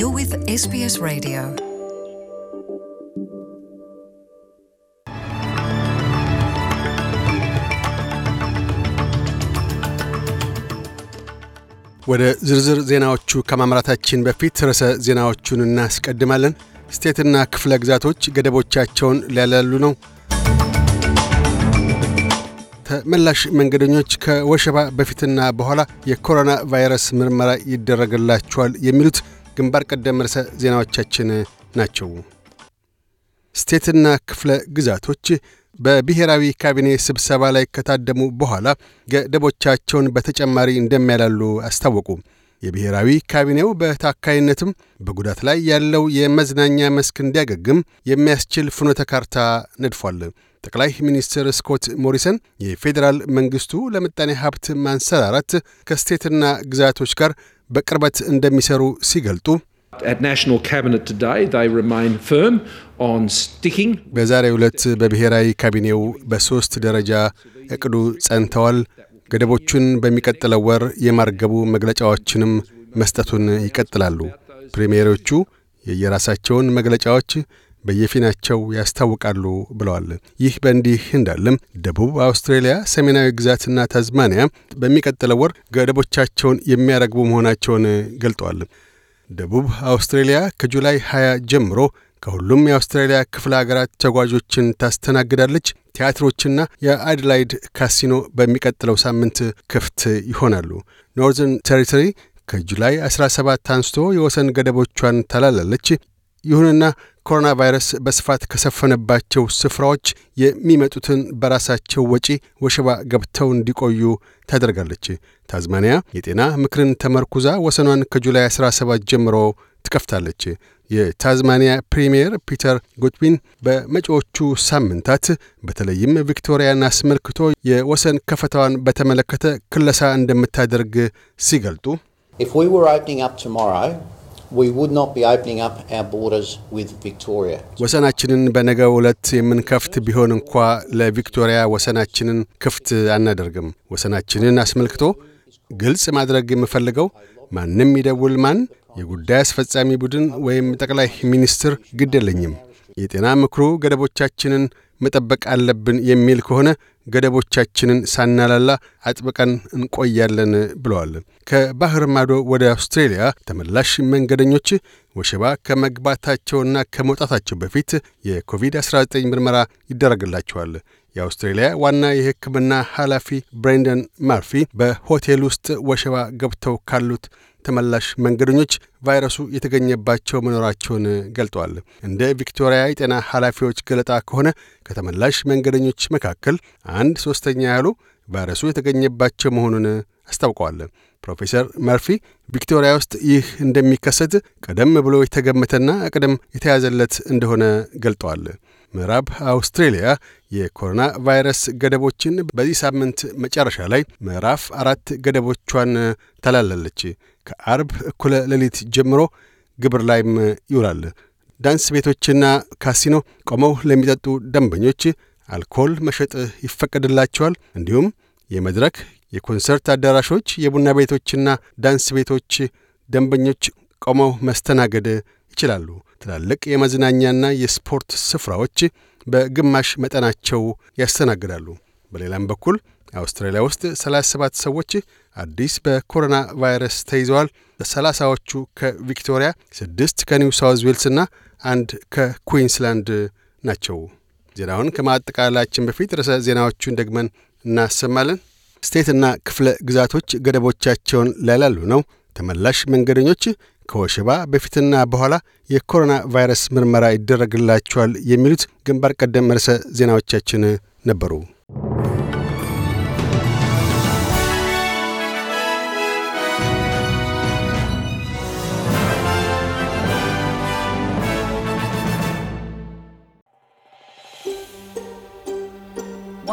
You're with SBS Radio. ወደ ዝርዝር ዜናዎቹ ከማምራታችን በፊት ርዕሰ ዜናዎቹን እናስቀድማለን። ስቴትና ክፍለ ግዛቶች ገደቦቻቸውን ሊያላሉ ነው። ተመላሽ መንገደኞች ከወሸባ በፊትና በኋላ የኮሮና ቫይረስ ምርመራ ይደረግላቸዋል። የሚሉት ግንባር ቀደም ርዕሰ ዜናዎቻችን ናቸው። ስቴትና ክፍለ ግዛቶች በብሔራዊ ካቢኔ ስብሰባ ላይ ከታደሙ በኋላ ገደቦቻቸውን በተጨማሪ እንደሚያላሉ አስታወቁ። የብሔራዊ ካቢኔው በታካይነትም በጉዳት ላይ ያለው የመዝናኛ መስክ እንዲያገግም የሚያስችል ፍኖተ ካርታ ነድፏል። ጠቅላይ ሚኒስትር ስኮት ሞሪሰን የፌዴራል መንግስቱ ለምጣኔ ሀብት ማንሰራራት ከስቴትና ግዛቶች ጋር በቅርበት እንደሚሰሩ ሲገልጡ በዛሬው ዕለት በብሔራዊ ካቢኔው በሦስት ደረጃ እቅዱ ጸንተዋል። ገደቦቹን በሚቀጥለው ወር የማርገቡ መግለጫዎችንም መስጠቱን ይቀጥላሉ። ፕሪምየሮቹ የየራሳቸውን መግለጫዎች በየፊናቸው ያስታውቃሉ ብለዋል። ይህ በእንዲህ እንዳለም ደቡብ አውስትሬሊያ፣ ሰሜናዊ ግዛትና ታዝማኒያ በሚቀጥለው ወር ገደቦቻቸውን የሚያረግቡ መሆናቸውን ገልጠዋል። ደቡብ አውስትሬሊያ ከጁላይ 20 ጀምሮ ከሁሉም የአውስትራሊያ ክፍለ ሀገራት ተጓዦችን ታስተናግዳለች። ቲያትሮችና የአድላይድ ካሲኖ በሚቀጥለው ሳምንት ክፍት ይሆናሉ። ኖርዘርን ቴሪቶሪ ከጁላይ 17 አንስቶ የወሰን ገደቦቿን ተላላለች ይሁንና ኮሮና ቫይረስ በስፋት ከሰፈነባቸው ስፍራዎች የሚመጡትን በራሳቸው ወጪ ወሸባ ገብተው እንዲቆዩ ታደርጋለች። ታዝማኒያ የጤና ምክርን ተመርኩዛ ወሰኗን ከጁላይ 17 ጀምሮ ትከፍታለች። የታዝማኒያ ፕሪምየር ፒተር ጉድዊን በመጪዎቹ ሳምንታት በተለይም ቪክቶሪያን አስመልክቶ የወሰን ከፈታዋን በተመለከተ ክለሳ እንደምታደርግ ሲገልጡ ወሰናችንን በነገው ዕለት የምንከፍት ቢሆን እንኳ ለቪክቶሪያ ወሰናችንን ክፍት አናደርግም። ወሰናችንን አስመልክቶ ግልጽ ማድረግ የምፈልገው ማንም ይደውል ማን፣ የጉዳይ አስፈጻሚ ቡድን ወይም ጠቅላይ ሚኒስትር ግድ የለኝም፣ የጤና ምክሩ ገደቦቻችንን መጠበቅ አለብን የሚል ከሆነ ገደቦቻችንን ሳናላላ አጥብቀን እንቆያለን ብለዋል። ከባህር ማዶ ወደ አውስትሬልያ ተመላሽ መንገደኞች ወሸባ ከመግባታቸውና ከመውጣታቸው በፊት የኮቪድ-19 ምርመራ ይደረግላቸዋል። የአውስትሬልያ ዋና የሕክምና ኃላፊ ብሬንደን ማርፊ በሆቴል ውስጥ ወሸባ ገብተው ካሉት ተመላሽ መንገደኞች ቫይረሱ የተገኘባቸው መኖራቸውን ገልጠዋል። እንደ ቪክቶሪያ የጤና ኃላፊዎች ገለጣ ከሆነ ከተመላሽ መንገደኞች መካከል አንድ ሦስተኛ ያህሉ ቫይረሱ የተገኘባቸው መሆኑን አስታውቀዋል። ፕሮፌሰር መርፊ ቪክቶሪያ ውስጥ ይህ እንደሚከሰት ቀደም ብሎ የተገመተና ቀደም የተያዘለት እንደሆነ ገልጠዋል። ምዕራብ አውስትሬልያ የኮሮና ቫይረስ ገደቦችን በዚህ ሳምንት መጨረሻ ላይ ምዕራፍ አራት ገደቦቿን ታላለለች። ከአርብ እኩለ ሌሊት ጀምሮ ግብር ላይም ይውላል። ዳንስ ቤቶችና ካሲኖ ቆመው ለሚጠጡ ደንበኞች አልኮል መሸጥ ይፈቀድላቸዋል። እንዲሁም የመድረክ የኮንሰርት አዳራሾች፣ የቡና ቤቶችና ዳንስ ቤቶች ደንበኞች ቆመው መስተናገድ ይችላሉ። ትላልቅ የመዝናኛና የስፖርት ስፍራዎች በግማሽ መጠናቸው ያስተናግዳሉ። በሌላም በኩል አውስትራሊያ ውስጥ 37 ሰዎች አዲስ በኮሮና ቫይረስ ተይዘዋል። ሰላሳዎቹ ከቪክቶሪያ፣ ስድስት ከኒው ሳውዝ ዌልስና አንድ ከኩዊንስላንድ ናቸው። ዜናውን ከማጠቃላችን በፊት ርዕሰ ዜናዎቹን ደግመን እናሰማለን። ስቴትና ክፍለ ግዛቶች ገደቦቻቸውን ላላሉ ነው። ተመላሽ መንገደኞች ከወሸባ በፊትና በኋላ የኮሮና ቫይረስ ምርመራ ይደረግላቸዋል። የሚሉት ግንባር ቀደም ርዕሰ ዜናዎቻችን ነበሩ።